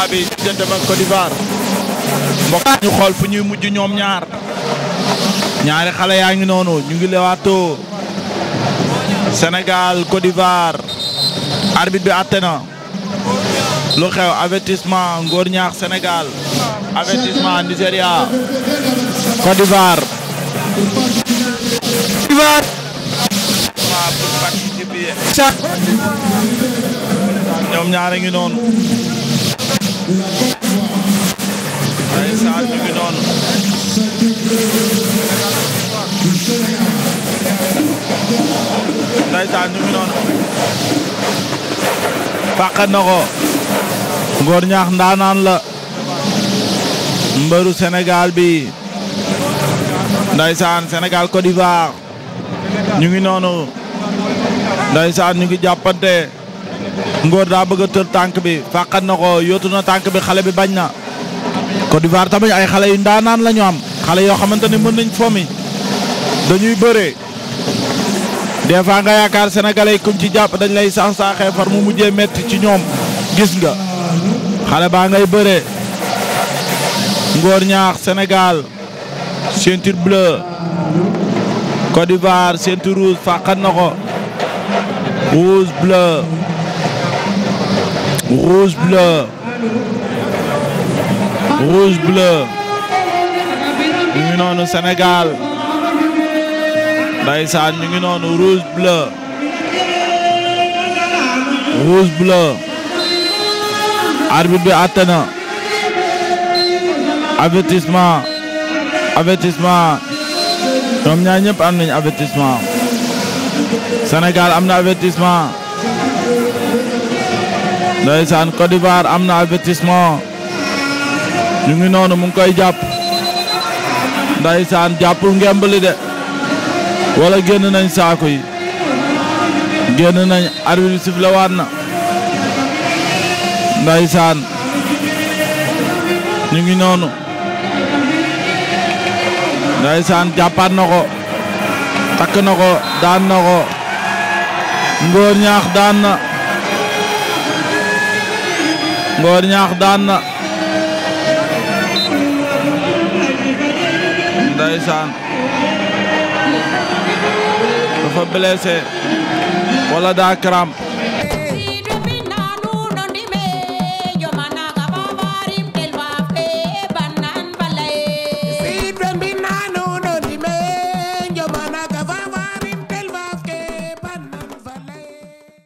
combat bi diggante ak Côte d'Ivoire mbokk ñu fu ñuy mujj ñoom ñaar ñaari xale yaa ngi noonu ñu ngi lewaatoo Sénégal Côte d'Ivoire arbitre bi àtte na lu xew avertissement Ngor Ñaax Sénégal avertissement Nigéria Côte d'Ivoire. Côte d'Ivoire. ñoom ñaar a ngi noonu. ndeysaan ñu ñu ngi noonu fàqat na ko Ngor Ñaax ndaanaan la mbëru Sénégal bi ndeysaan senegal Côte d'Ivoire ñu ngi noonu ndeysaan ñu ngi jàppante Ngor daa bëgg a tànk bi fàqat na ko yóotu na tànk bi xale bi bañ na Côte d'Ivoire tamit ay xale yu ndaanaan la ñu am xale yoo xamante ne mën nañ fomi dañuy bëre des fois nga yaakaar sénégalais kum ci jàpp dañ lay saax saaxee far mu mujjee metti ci ñoom gis nga xale baa ngay bëree Ngor ñaax Sénégal ceinture bleue Côte d'Ivoire ceinture rouge na ko bleu rouge bleu rouge bleu ñu ngi noonu senegal ndeysaan ñu ngi noonu rouge bleu rouge bleu arbitre bi àtte na avertissement avertissement ñoom ñaar ñëpp am nañu avertissement Sénégal am na avertissement ndeysaan Côte d'Ivoire am na avertissement ñu ngi noonu mu ngi koy jàpp ndeysaan jàppul ngemb li de walla génn nañ saako yi génn nañ arbitre bi sifflé waat na ndeysaan ñu ngi noonu saan jàppaat na ko takk na ko daan na ko ngóor ñaax daan na Ngor ñaax daan na ndeysaan dafa blessé wala daa crampe